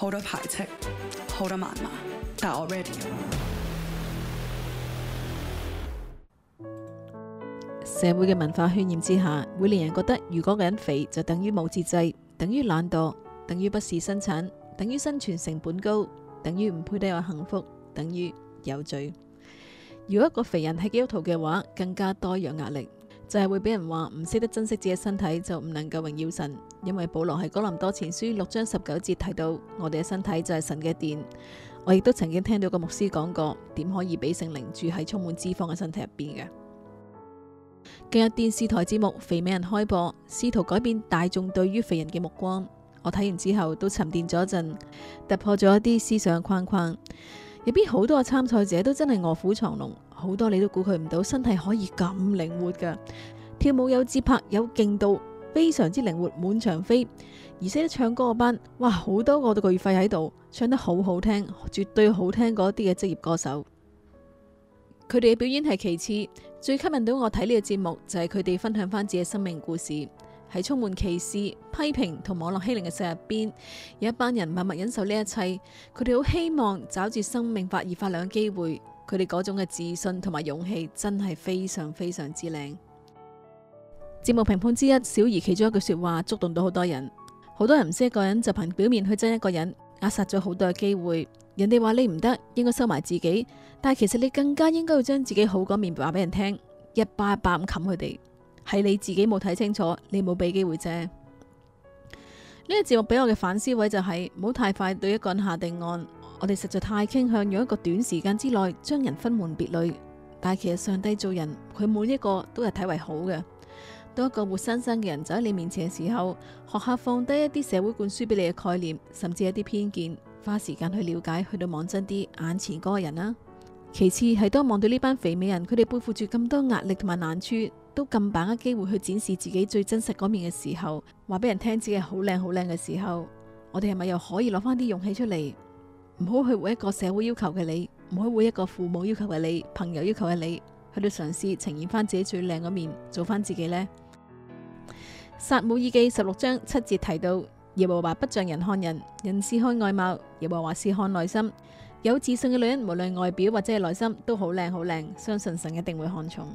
好多排斥，好多謾罵，但我 ready。社會嘅文化渲染之下，會令人覺得，如果個人肥就等於冇自制，等於懶惰，等於不事生產，等於生存成本高，等於唔配得有幸福，等於有罪。如果一個肥人係基督徒嘅話，更加多樣壓力。就係會俾人話唔識得珍惜自己身體，就唔能夠榮耀神，因為保羅喺哥林多前書六章十九節提到我哋嘅身體就係神嘅殿。我亦都曾經聽到個牧師講過點可以俾聖靈住喺充滿脂肪嘅身體入邊嘅。近日電視台節目肥美人開播，試圖改變大眾對於肥人嘅目光。我睇完之後都沉澱咗一陣，突破咗一啲思想框框。入邊好多個參賽者都真係卧虎藏龍，好多你都估佢唔到，身體可以咁靈活㗎，跳舞有節拍，有勁度，非常之靈活，滿場飛。而且唱歌個班，哇，好多我都個月費喺度，唱得好好聽，絕對好聽過一啲嘅職業歌手。佢哋嘅表演係其次，最吸引到我睇呢個節目就係佢哋分享返自己嘅生命故事。喺充滿歧視、批評同網絡欺凌嘅世界入邊，有一班人默默忍受呢一切。佢哋好希望找住生命發熱發亮嘅機會。佢哋嗰種嘅自信同埋勇氣真係非常非常之靚。節目評判之一小儀其中一句說話，觸動到好多人。好多人唔識一個人就憑表面去憎一個人，扼殺咗好多嘅機會。人哋話你唔得，應該收埋自己，但係其實你更加應該要將自己好嗰面話俾人聽，一巴一巴咁冚佢哋。係你自己冇睇清楚，你冇俾機會啫。呢個節目俾我嘅反思位就係，唔好太快對一個人下定案。我哋實在太傾向用一個短時間之內將人分門別類，但係其實上帝造人，佢每一個都係睇為好嘅。當一個活生生嘅人走喺你面前嘅時候，學下放低一啲社會灌輸俾你嘅概念，甚至一啲偏見，花時間去了解，去到望真啲眼前嗰個人啦。其次係當望到呢班肥美人，佢哋背負住咁多壓力同埋難處，都咁把握機會去展示自己最真實嗰面嘅時候，話俾人聽自己係好靚好靚嘅時候，我哋係咪又可以攞翻啲勇氣出嚟，唔好去活一個社會要求嘅你，唔好活一個父母要求嘅你，朋友要求嘅你，去到嘗試呈現翻自己最靚嘅面，做翻自己呢？撒母耳記十六章七節提到，耶和華不像人看人，人是看外貌，耶和華是看內心。有自信嘅女人，無論外表或者係內心，都好靚好靚，相信神一定會看重。